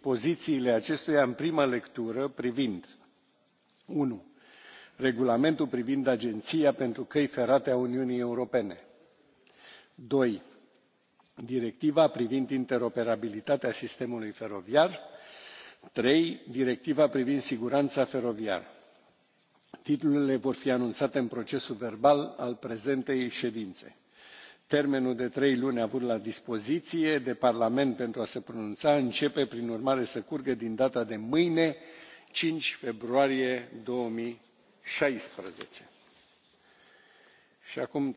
pozițiile acestuia în primă lectură privind unu regulamentul privind agenția pentru căi ferate a uniunii europene doi directiva privind interoperabilitatea sistemului feroviar trei directiva privind siguranța feroviară. titlurile vor fi anunțate în procesul verbal al prezentei ședințe termenul de trei luni avut la dispoziție de parlament pentru a se pronunța începe prin urmare să curgă din data de mâine cinci februarie. două mii șaisprezece și acum